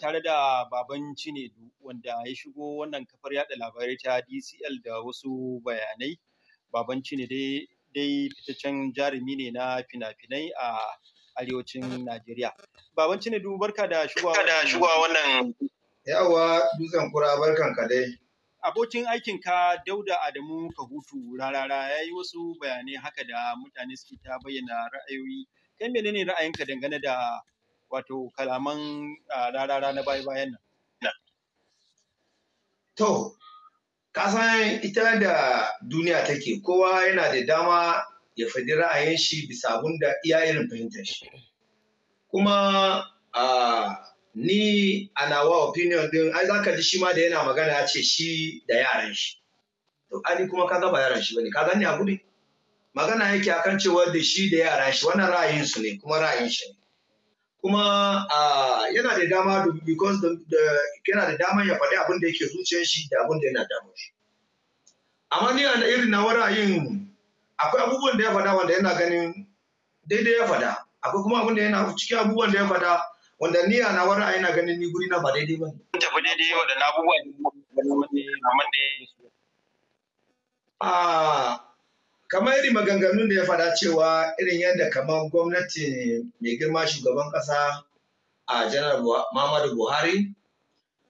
tare da baban Cinedu wanda ya shigo wannan kafar yada labarai ta DCL da wasu bayanai. Baban Cinedu dai fitaccen jarumi ne na fina-finai a arewacin Najeriya. Baban Cinedu barka da shigowa wannan. Yawa dutsen kura barkan ka dai. abokin aikinka dauda adamu kahutu rarara ya yi wasu bayanai haka da mutane suke ta bayyana ra'ayoyi kai menene ra'ayinka dangane da wato kalaman rarara na baya-bayan nan. To, kasan ita da duniya take kowa yana da dama ya faɗi ra'ayin shi bisa abun da iya irin fahimtar shi. Kuma ni a nawa opinion din ai za ka ji shi ma da yana magana ya ce shi da yaran shi. To, ani kuma ka ba yaran shi bane, ka gani a ne? Magana yake akan cewa da shi da yaran shi wannan ra'ayin su ne kuma ra'ayin shi ne. kuma yana da dama because yana da dama ya faɗi abin da yake zuciyar shi da abin da yana damar shi amma ni a irin na warayin akwai abubuwan da ya faɗa wanda yana ganin daidai ya faɗa akwai kuma abin da yana cikin abubuwan da ya faɗa wanda ni a na warayin yana ganin ni guri na ba daidai ba ne. tafi daidai da na abubuwan da ya faɗa wanda ya kamar irin maganganun da ya faɗa cewa irin yadda kamar gwamnati mai girma shugaban ƙasa a janar Muhammadu Buhari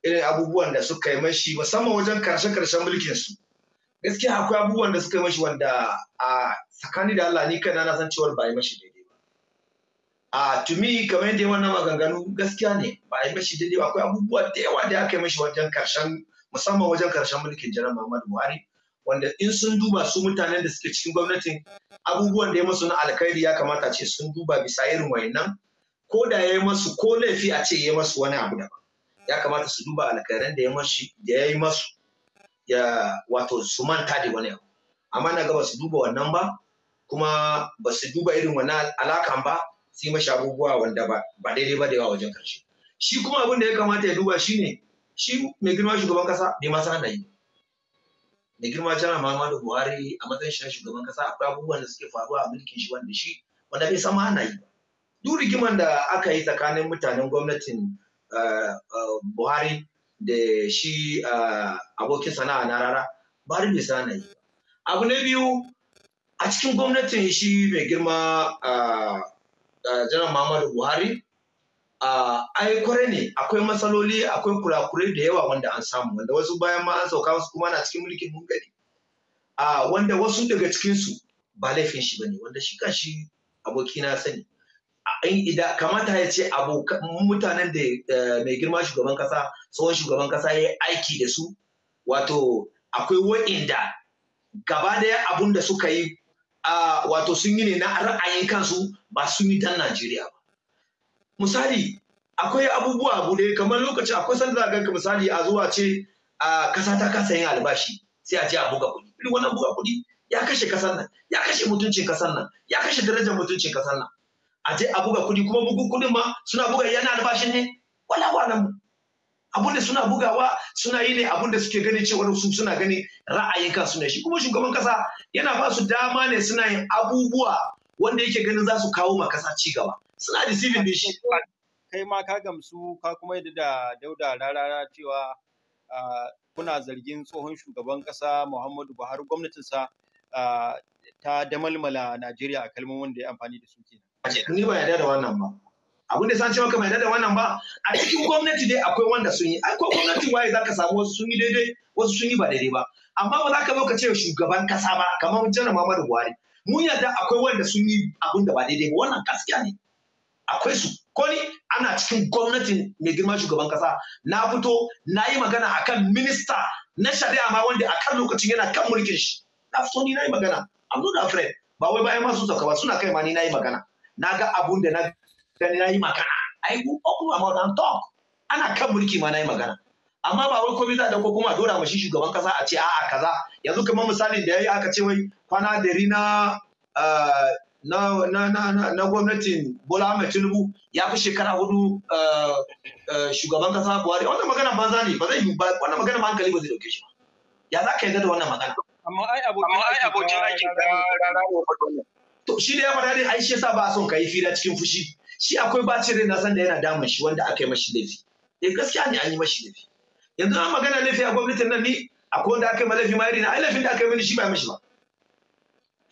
irin abubuwan da suka yi mashi musamman wajen karshen karshen mulkinsu. Gaskiya akwai abubuwan da suka yi mashi wanda a tsakani da Allah ni kaina na san cewar ba yi mashi daidai ba. A tumi kamar yadda wannan maganganu gaskiya ne ba yi mashi daidai ba akwai abubuwa da yawa da aka yi mashi wajen karshen musamman wajen karshen mulkin janar Muhammadu Buhari. wanda in sun duba su mutanen da suke cikin gwamnatin abubuwan da ya masu na alkhairi ya kamata ce sun duba bisa irin wayannan ko da ya yi masu ko laifi a ce ya masu wani abu daban ya kamata su duba alkhairan da ya yi masu ya wato su manta da wani abu amma na gaba su duba wannan ba kuma ba su duba irin wani alakan ba sai mashi abubuwa wanda ba daidai ba da yawa wajen karshe shi kuma abin da ya kamata ya duba shine shi mai girma shugaban kasa bai ma san da yi da girma jana da Buhari a matsayin shi na shugaban kasa akwai abubuwan da suke faruwa a mulkin shi wanda shi wanda bai sama ana yi ba. Duk rigiman da aka yi tsakanin mutanen gwamnatin eh, eh, Buhari da shi eh, abokin sana'a na rara Buhari bai sana yi. Abu na biyu a cikin gwamnatin shi mai girma janar Muhammadu Buhari ai kware ne akwai matsaloli akwai kurakurai da yawa wanda an samu wanda wasu bayan ma an sauka wasu kuma na cikin mulkin mun gani wanda wasu daga cikinsu ba laifin shi bane wanda shi ka shi aboki na sani idan kamata ya ce abokan mutanen da eh, mai girma shugaban kasa tsohon shugaban kasa ya yi aiki da su wato akwai wa'inda gaba daya abun da suka yi wato sun yi ne na ra'ayin kansu ba sun yi dan Najeriya ba misali akwai abubuwa bude kamar lokaci akwai sanda za ganka misali a zuwa ce a kasa ta kasa yin albashi sai a je a buga kuɗi irin wannan buga kuɗi ya kashe kasar nan ya kashe mutuncin kasar nan ya kashe darajar mutuncin kasar nan a je a buga kuɗi kuma bugun kuɗin ma suna buga yana albashin ne wala ba nan abun da suna bugawa suna yi ne abun da suke gani cewa su suna gani ra'ayin kansu ne shi kuma shugaban kasa yana ba su dama ne suna yin abubuwa wanda yake ganin za su kawo ma kasa ci gaba suna da sifin da shi kai ma ka gamsu ka kuma yadda da dauda rarara cewa kuna zargin tsohon shugaban kasa Muhammadu Buhari gwamnatinsa ta damalmala Najeriya a kalmomin da ya amfani da su kenan. Ni ba yarda da wannan ba. Abin da san cewa maka bai yarda da wannan ba a cikin gwamnati dai akwai wanda sun yi akwai gwamnati waye zaka samu wasu sun yi daidai wasu sun yi ba daidai ba amma ba za ka zo ka ce shugaban kasa ba kamar janar Muhammadu Buhari mun yarda akwai wanda sun yi abin da ba daidai ba wannan gaskiya ne akwai su ko ni ana cikin gwamnatin mai girma shugaban kasa na fito na yi magana akan minista na shari'a ma wanda a kan lokacin yana kan mulkin shi na fito ni na yi magana I'm not afraid ba wai bayan masu sauka ba suna kai ma ni na yi magana na ga abun da na gani na yi magana A yi open my wata and talk ana kan mulki ma na yi magana amma ba wai komai za a dauko kuma dora mashi shugaban kasa a ce a'a kaza yanzu kamar misalin da ya yi aka ce wai kwana dari na eh, na, na, na, na, gwamnatin Bola Ahmed Tinubu ya fi shekara hudu eh, eh, shugaban kasa Buhari wannan magana banza ne ba zai yi wannan magana hankali ba zai dauke shi ba ya za ka yarda da wannan magana amma ai abokin aiki to shi da ya fara dai ai shi yasa ba a son ka yi fira cikin fushi shi akwai bacin rai na san da yana damun shi wanda aka yi mashi laifi eh gaskiya ne an yi mashi laifi yanzu an magana laifi a gwamnatin nan ni akwai wanda aka yi ma laifi ma irin ai laifin da aka yi mini shi ba mashi ba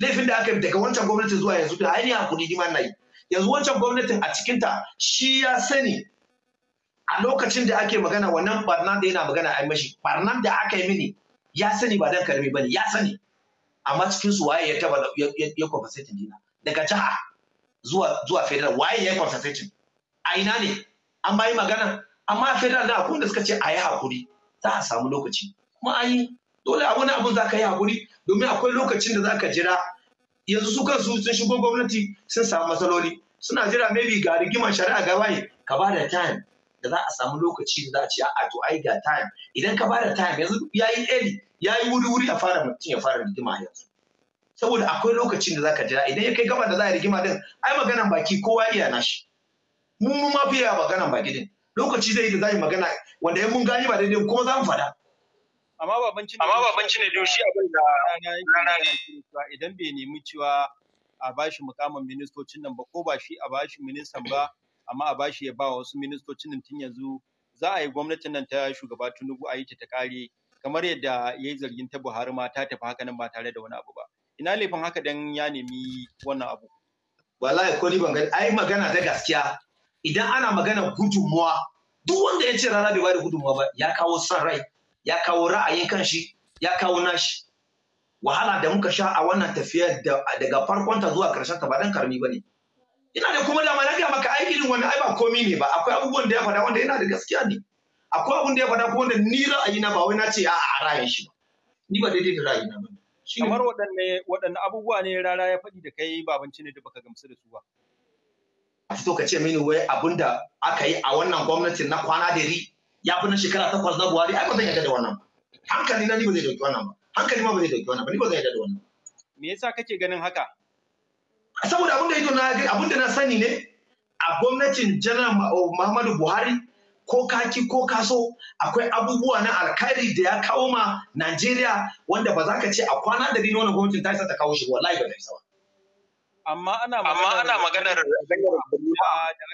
laifin da aka yi daga wancan gwamnatin zuwa yanzu da ainihin hakuri ni ma na yi yanzu wancan gwamnatin a cikinta shi ya sani a lokacin da ake magana wannan barnan da yana magana a mashi barnan da aka yi mini ya sani ba dan karami bane ya sani amma cikin su waye ya taba ya compensate dina daga jiha zuwa zuwa federal waye ya compensate a ina ne an bayi magana amma federal da akwai da suka ce a yi hakuri za a samu lokaci kuma an dole a wani abun za ka yi hakuri domin akwai lokacin da za ka jira yanzu su kansu sun shigo gwamnati sun samu matsaloli suna jira maybe ga rigimar shari'a ga waye ka ba da time da za a samu lokaci da za a ce a to ai ga time idan ka ba da time yanzu ya yi early ya yi wuri wuri a fara mutum ya fara rigima yanzu saboda akwai lokacin da za ka jira idan ya kai gaba da za a rigima din ai maganan baki kowa iya nashi mun mu ma fiye maganan baki din lokaci zai yi da za yi magana wanda ya mun gani ba daidai kuma za mu fada amma baban cin amma baban ne da shi abin da rana ne idan bai nemi cewa a bashi mukamin ministocin nan ba ko ba shi a bashi ministan ba amma a bashi ya ba wasu ministocin nan tun yanzu za a yi gwamnatin nan ta shugaba Tinubu a yi ta ta kare kamar yadda ya yi zargin ta Buhari ma ta tafi haka nan ba tare da wani abu ba ina laifin haka dan ya nemi wannan abu wallahi ko ni ban gani ai magana ta gaskiya idan ana magana gudunmuwa duk wanda ya ce rana bai bada gudunmuwa ba ya kawo son rai ya kawo ra'ayin kanshi ya kawo nashi wahala da muka sha a wannan tafiyar daga ta zuwa karshen ta ba dan karmi bane ina da kuma dama na ga maka ai irin wannan ai ba komi ne ba akwai abubuwan da ya faɗa wanda yana da gaskiya ne akwai abun da ya faɗa kuma wanda ni ra'ayi na ba wai na ce a a ra'ayin shi ba ni ba daidai da ra'ayi na ba kamar waɗanne waɗanne abubuwa ne rara ya faɗi da kai babanci ne da baka gamsu da su ba a fito ka ce mini wai abun da aka yi a wannan gwamnatin na kwana da ri ya fi na shekara takwas na buhari ai ba zan yarda da wannan ba hankali na ni ba zai dauki wannan ba hankali ma ba zai dauki wannan ba ni ba zan yarda da wannan me yasa kake ganin haka saboda abin da ido na abin da na sani ne a gwamnatin janar oh, muhammadu buhari ko kaki ko kaso akwai abubuwa na alkhairi da ya kawo ma najeriya wanda ba za ka ce a kwana da wani gwamnatin ta ta kawo shi wallahi ba ta isa ba amma ana maganar da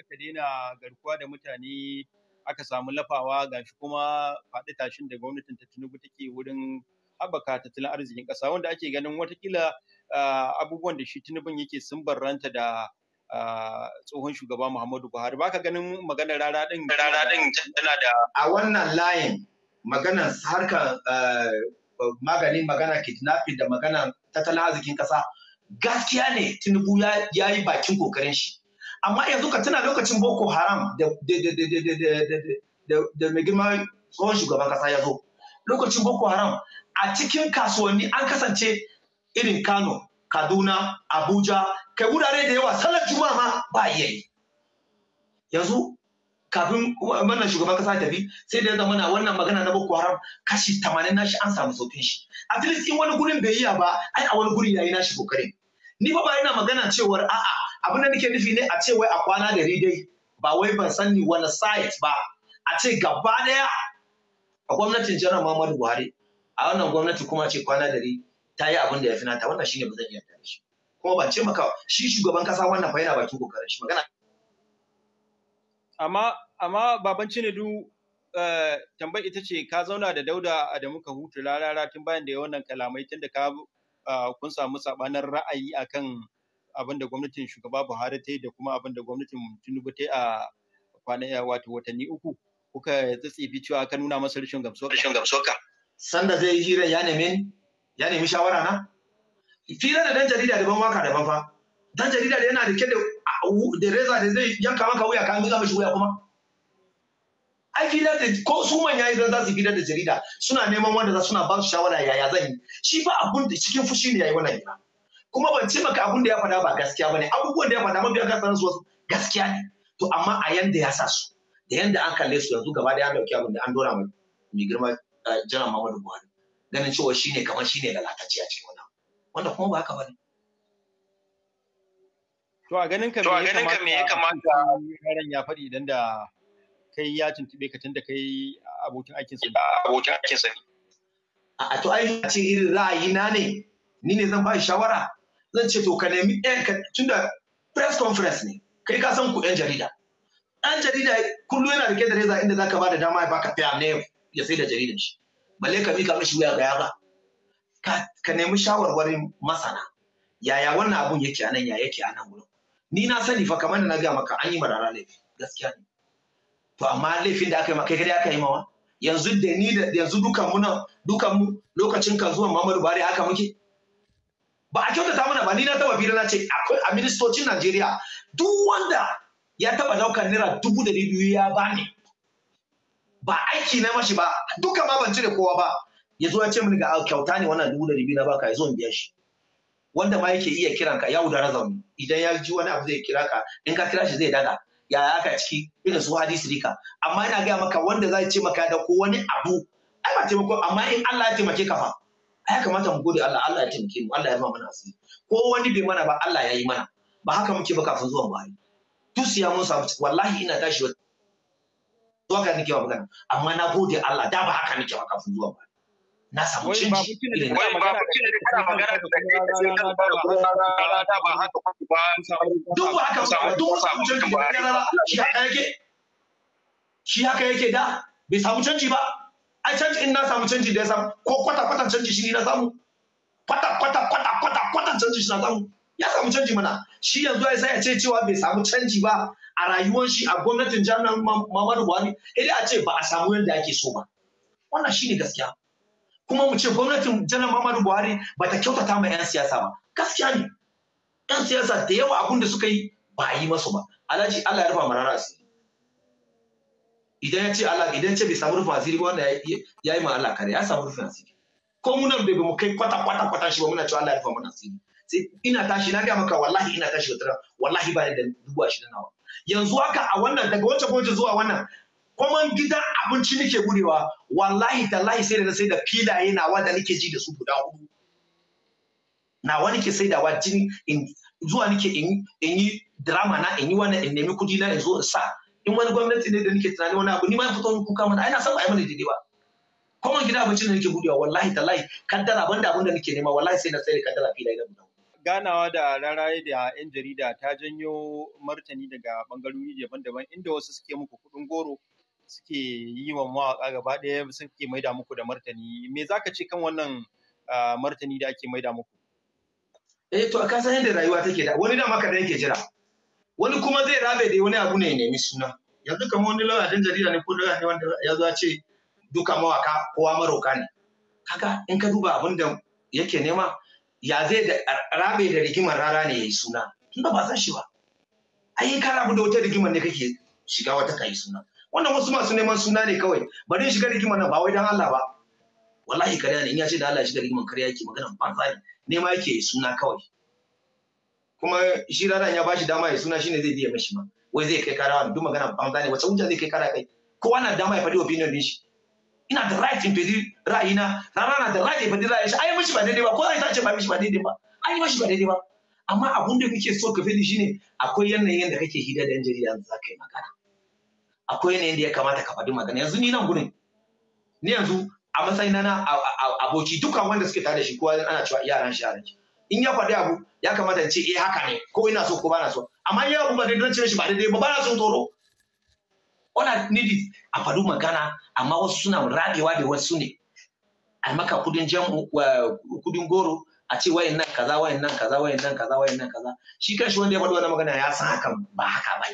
aka daina garkuwa da mutane aka samu lafawa gashi kuma faɗi tashin da gwamnatin ta Tinubu take wurin haɓaka tattalin arzikin ƙasa wanda ake ganin watakila abubuwan da shi tunubun yake sun barranta da tsohon shugaba Muhammadu Buhari baka ganin maganar rara ɗin rara ɗin tana da a wannan layin maganar harka magani magana kidnapping da magana tattalin arzikin ƙasa gaskiya ne Tinubu ya yi bakin kokarin shi amma yanzu ka tuna lokacin boko haram da mai girma tsohon shugaban kasa ya zo lokacin boko haram a cikin kasuwanni an kasance irin kano kaduna abuja kai wurare da yawa salar juma'a ma ba iya yi yanzu kafin wannan shugaban kasa tafi sai da ya zama na wannan magana na boko haram kashi tamanin nashi an samu saukin shi at least in wani gurin bai yi ba ai a wani ya yayi nashi kokarin ni fa ba ina magana cewar a'a abin da nake nufi ne a ce wai a kwana gari dai ba wai ban sani wani site ba a ce gaba daya a gwamnatin jiran Muhammadu Buhari a wannan gwamnati kuma ce kwana gari ta yi abin da ya fi nata wannan shine ba zan iya tare shi kuma ban ce maka shi shugaban kasa wannan fa yana bakin kokarin shi magana amma amma baban du eh, tambayar ita ce ka zauna da Dauda da muka hutu larara tun bayan da ya wannan kalamai tun da ka ah, kun samu sabanin ra'ayi akan abin da gwamnatin shugaba Buhari ta yi da kuma abin da gwamnatin Tinubu ta yi a kwana eh, wato watanni uku kuka tsitsifi cewa aka nuna masa rashin gamsuwa. Rashin gamsuwa. Sanda zai yi hirar ya nemi ya nemi shawara na? Firar da dan jarida daban waka daban fa. Dan jarida da yana da ke da reza da zai yanka maka wuya ka miƙa mashi wuya kuma. Ai filar da ko su manya idan za su filar da jarida suna neman wanda za suna ba su shawara yaya zan yi. Shi fa abun da cikin fushi ne yayi wannan hira. kuma ban ce maka abin da ya faɗa ba gaskiya bane abubuwan da ya faɗa mabiya kasarin su gaskiya ne to amma a yanda ya sa su da yanda an kalle su yanzu gaba da an dauki abin da an dora mai mai girma jiran eh, Muhammadu Buhari ganin cewa shine kamar shine lalatacce a cikin wannan wanda kuma ba haka bane to a ganin ka me ya kamata yaron ya faɗi idan da kai ya tuntube ka tunda kai abokin aikin sa ah, abokin aikin sa a to ai ce irin ra'ayi na ne ni ne zan ba shawara zan ce to ka nemi tun da press conference ne kai ka san ku ɗan jarida ɗan jarida kullum yana rike da reza inda zaka ba da dama ya baka fiya ne ya sai da jaridan shi balle ka mika mishi wuya ga yaba ka nemi shawarwarin masana yaya wannan abun yake a nan ya yake a nan wurin ni na sani fa kamar na ga maka an yi marara laifi gaskiya ne to amma laifin da aka yi maka kai aka yi mawa yanzu da ni da yanzu dukan nan dukan lokacin kan zuwa Muhammadu Buhari haka muke ba a kyautata mana ba ni na taba bira na ce akwai a ministocin Najeriya duk wanda ya taba daukar naira dubu da biyu ya bani ba aiki na mashi ba duka ma ban cire kowa ba ya zo ya ce mini ga kyauta ne wannan dubu da biyu na baka ya zo biyan shi wanda ma yake iya kiran ka ya da zaune idan ya ji wani abu zai kira ka in ka kira shi zai daga ya aka ciki irin su hadisi rika amma ina gaya maka wanda zai ce maka da ko wani abu ai ba taimako amma in Allah ya taimake ka fa ai kamata mu gode Allah Allah ya taimake mu Allah ya ma mana asiri ko wani bai mana ba Allah ya yi mana ba haka muke ba kafin zuwan Buhari dusiya mun samu wallahi ina tashi zuwa ka nake ba magana amma na gode Allah da ba haka nake ba kafin zuwan Buhari na samu canji Duk ba haka duk ba samu canji shi haka yake shi haka yake da bai samu canji ba ai canji in na samu canji da ya samu ko kwata kwata canji shi na samu kwata kwata kwata kwata kwata canji shi na samu ya samu canji mana shi yanzu ya sai ya ce cewa bai samu canji ba a rayuwar shi a gwamnatin jami'an Mamadu Buhari sai a ce ba a samu yadda ake so ba wannan shine gaskiya kuma mu ce gwamnatin jami'an Mamadu Buhari ba ta kyautata ma 'yan siyasa ba gaskiya ne 'yan siyasa da yawa abun da suka yi ba a yi masu ba alhaji Allah ya rufa mararasi idan ya ce Allah idan ce bai samu rufin asiri ba wanda ya yi ma Allah kare ya samu rufin asiri ko mu nan bai mu kai kwata kwata kwata shi ba muna cewa Allah ya rufa mana asiri sai ina tashi na ga maka wallahi ina tashi tara wallahi ba ni da dubu ashirin nawa yanzu haka a wannan daga wacce gwamnati zuwa wannan kwaman gidan abinci nake gurewa wallahi tallahi sai da na sai da filaye nawa da nake ji da su guda hudu nawa nake sai da wa jini zuwa nake in yi drama na in yi wannan in nemi kudi na in zo in sa in wani gwamnati ne da nake tunanin wani abu ni ma fito kuka mana ina san ba ai mana daidai ba kuma gida abincin da nake budewa wallahi tallahi kaddara banda abin da nake nema wallahi sai na sai kaddara filai na budawa ganawa da raraye da 'yan jarida ta janyo martani daga bangarori daban-daban inda wasu suke muku kudin goro suke yi wa mawaƙa gaba ɗaya suke maida muku da martani me za ka ce kan wannan martani da ake maida muku eh to a kasan yadda rayuwa take da wani dama ka da yake jira wani kuma zai rabe da wani abu ne ya nemi suna yanzu kamar wani lauya dan jarida ne ko lauya ne wanda ya zo ce duka mawaka kowa maroka ne kaga in ka duba abin da yake nema ya zai da rabe da rigimar rara ne ya yi suna In ba san shi ba ai ka rabu da wata rigimar ne kake shiga wata kai suna wannan wasu masu neman suna ne kawai bari shiga rigimar nan ba wai dan Allah ba wallahi karya ne in ya ce da Allah shi da rigimar karya yake magana ban ne nema yake suna kawai kuma shi rana ya bashi dama ya suna shine zai biya mashi ma wai zai kai kara duk magana banza ne wace hujja zai kai kara kai kowa na dama ya faɗi opinion din shi ina da right in faɗi ra'ayina rana na da right in fadi ra'ayin shi ai mashi ba daidai ba ko zai tace ba mashi ba daidai ba ai mashi ba daidai ba amma abun da kake so ka shi shine akwai yanayin da kake hida da yan jarida za ka yi magana akwai yanayin da ya kamata ka faɗi magana yanzu ni nan gurin ni yanzu a matsayin na aboki dukkan wanda suke tare da shi kowa ana cewa yaran shi yaran shi in ya faɗi abu ya kamata ce eh haka ne ko ina so ko ba na so amma ya abu ba daidai ce shi ba daidai ba ba na so tsoro ona nidi a faɗu magana amma wasu suna rabewa da wasu ne a maka kudin jam'u kudin goro a ce wayan nan kaza wayan nan kaza wayan nan kaza wayan nan kaza shi kanshi wanda ya faɗi wannan magana ya san hakan ba haka ba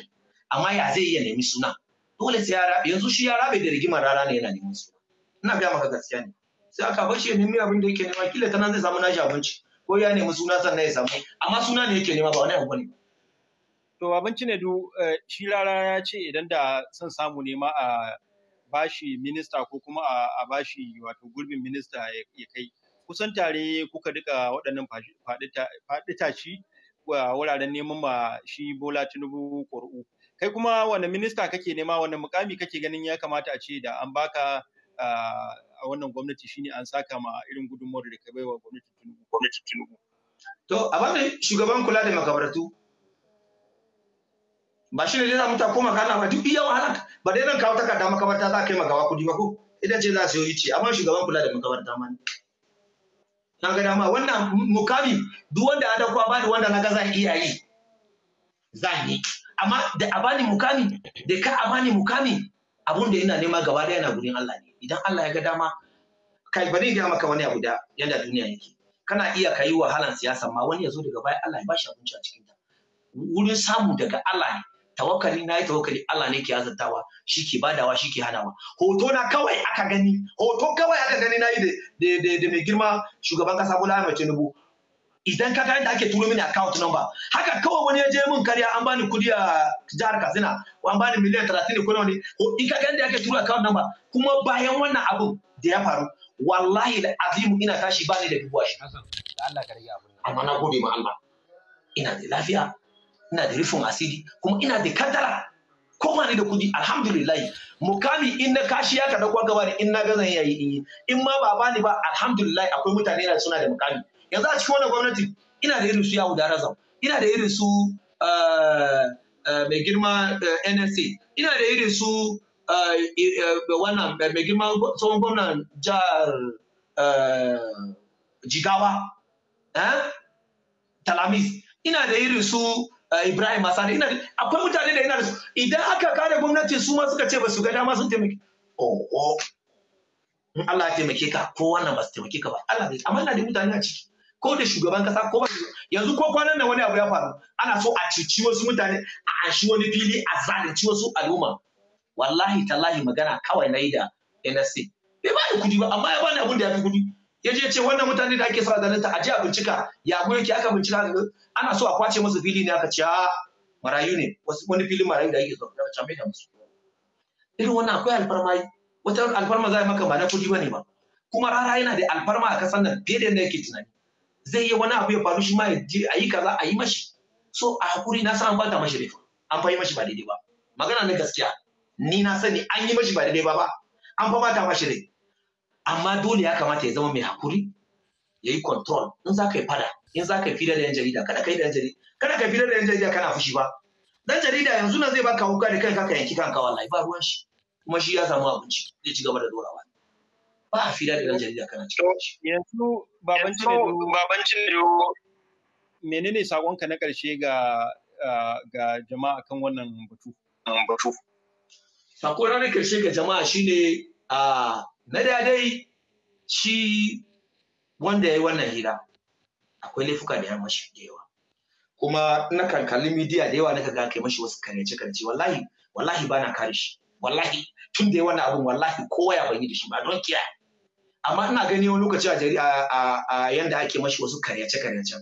amma ya zai iya nemi suna dole sai ya rabe yanzu shi ya rabe da rigimar rana ne yana neman suna ina ga maka gaskiya ne sai aka bashi shi ya nemi abin da yake nema kila ta nan zai samu nashi abinci ko ya nemi suna sannan ya samu amma suna ne yake nema ba wani abu ne to abinci ne du eh, shi rara ya ce idan da son samu nema a bashi minista ko kuma a bashi wato gurbin minista ya kai kusan tare kuka duka waɗannan faɗi tashi wuraren neman ma shi Bola Tinubu ƙuri'u. Kai kuma wani minista kake nema wani mukami kake ganin ya kamata a ce da an baka ah, a wannan gwamnati shine an saka ma irin gudunmuwar da ka baiwa gwamnatin Tinubu gwamnatin Tinubu to a wannan shugaban kula da makabaratu ba shi ne dai zamu ta koma kana ba duk iya wahala ba dai nan kawo takarda makabarta za ka yi magawa kudi ba ko idan ce za su yi ce amma shugaban kula da makabarta ma na ga dama wannan mukami duk wanda an dauko bani wanda na ga zan iya yi zan yi amma da a bani mukami da ka a bani mukami abun da ina nema gaba daya na gurin Allah ne idan Allah ya ga dama kai ba zai ga maka wani abu da yanda duniya yake kana iya kai wahalan siyasa ma wani ya zo daga baya Allah ya bashi abinci a cikin ta wurin samu daga Allah ne tawakkali na yi tawakkali Allah ne ke azantawa shi ke badawa shi ke hanawa hoto na kawai aka gani hoto kawai aka gani na yi da mai girma shugaban kasa Bola Ahmed Tinubu idan ka ga inda ake turo mini account number haka kawai wani ya je min karya an bani kudi a jihar Katsina an bani miliyan 30 ne ko ne in ka ga inda ake turo account number kuma bayan wannan abun da ya faru wallahi da azimu ina tashi bani da dubu shi amma na gode ma Allah ina da lafiya ina da rufin asiri kuma ina da kadara ko ni da kudi alhamdulillah mukami in na kashi ya kada kwa gaba in na gazan yayi in ma ba bani ba alhamdulillah akwai mutane na suna da mukami yanzu a cikin wannan gwamnati ina da irin su yawo da razam ina da irin su eh, eh, mai girma eh, nsa ina da irin su wannan mai girma tsohon gwamnan jihar jigawa talamis ina da irin su ibrahim masana ina akwai mutane da ina da su idan aka kare gwamnati su ma suka ce ba su ga dama sun taimake in Allah ya taimake ka ko wannan ba su taimake ka ba Allah ya amma ina da mutane a ciki ko da shugaban kasa ko yanzu ko kwanan nan wani abu ya faru ana so a cici wasu mutane a ashi wani fili a zalunci wasu al'umma wallahi tallahi magana kawai na yi da NSC bai ba da kudi ba amma ya bani abun da ya fi kudi ya je ce wannan mutane da ake sa zalunta a ji a bincika ya ku yake aka bincika ana so a kwace musu fili ne aka ce a ah, marayu ne wasu wani filin marayu da ake so da chambe da musu irin wannan akwai alfarma yi. wata alfarma za maka ba na kudi ba ne ba kuma rara yana da alfarma a kasan nan fiye da yadda yake tunani zai yi wani abu ya faru shi ma ya je a yi kaza a yi mashi so a hakuri na san an bata mashi laifin an fa yi mashi ba daidai ba magana na gaskiya ni na sani an yi mashi ba daidai ba ba an fa bata mashi ne. amma dole ya kamata ya zama mai hakuri ya yi control in za ka yi fada in za ka yi fidar da yan jarida kada ka yi da yan jarida kada ka yi fidar da yan jarida kana fushi ba dan jarida yanzu na zai baka hukuka da kanka ka yanki kanka wallahi ba ruwan shi kuma shi ya samu abinci zai ci gaba da dorawa ba a fira da ɗan jarida kana cikin yanzu baban cinedo menene sakonka na ƙarshe ga ga jama'a kan wannan batu mm, batu sako na ƙarshe ga jama'a shine a na dadai shi wanda ya yi wannan hira akwai laifuka da ya mashi da yawa kuma na kan kalli midiya da yawa na ga kai mashi wasu karyace karyace wallahi wallahi bana kare shi wallahi tun da ya wannan abun wallahi kowa ya bayyana da shi ba don kiyaye. amma ina gani wani lokaci a a yanda ake mashi wasu karyace karyace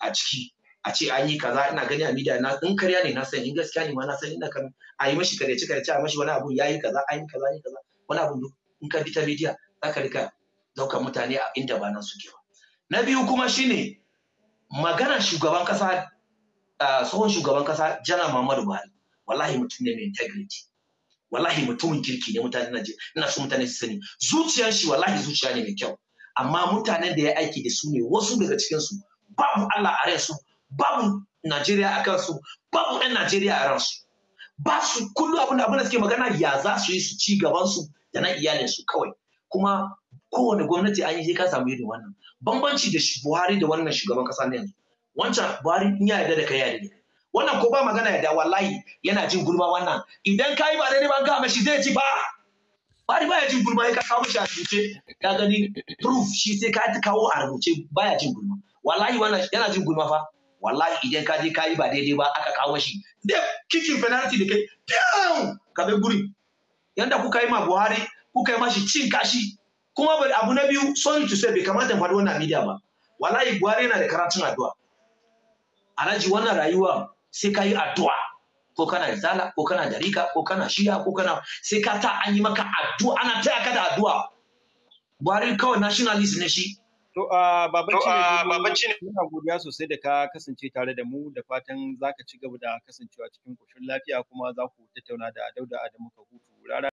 a ciki a ce an yi kaza ina gani a media na in karya ne na sani in gaskiya ne ma na sani ina kan a yi mashi karyace karyace a mashi wani abu ya yi kaza an yi kaza an yi kaza wani abu in ka bi ta za ka rika daukar mutane a inda ba nan suke ba na biyu kuma shine maganar shugaban kasa tsohon shugaban kasa Jana muhammadu buhari wallahi mutum ne mai integrity wallahi mutumin kirki ne mutane na je ina so mutane su sani zuciyar shi wallahi zuciya ne mai kyau amma mutanen da ya aiki da su ne wasu daga cikin su babu Allah a su babu Najeriya a kansu babu ɗan Najeriya a ransu ba su kullu abin da suke magana ya za su yi su ci gaban su da na iyalin su kawai kuma kowane gwamnati an yi sai ka samu irin wannan bambanci da Buhari da wannan shugaban kasa na yanzu wancan Buhari in ya yarda da kai ya yarda wannan ko ba magana da wallahi yana jin gulma wannan idan ka yi ba daidai ba ga shi zai ci ba ba ya jin gulma ya ka kawo shi a rubuce ka gani proof shi sai ka kawo a rubuce ya jin gulma wallahi wannan yana jin gulma fa wallahi idan ka je ka yi ba daidai ba aka kawo shi da kicin penalty da kai down ka bai guri yanda kuka yi ma Buhari kuka yi mashi cin kashi kuma abu na biyu son to bai kamata faɗi wannan media ba wallahi Buhari yana da karatun addu'a alhaji wannan rayuwa sai ka yi addu'a ko kana zala ko kana darika ko kana shiya ko kana sai ka ta an yi maka addu'a ana taya ka da addu'a buhari kawai nationalist ne shi To a babanci ne muna godiya sosai da ka kasance tare da mu da fatan za ka ci gaba da kasancewa cikin koshin lafiya kuma za ku tattauna da Dauda Adamu Kahutu.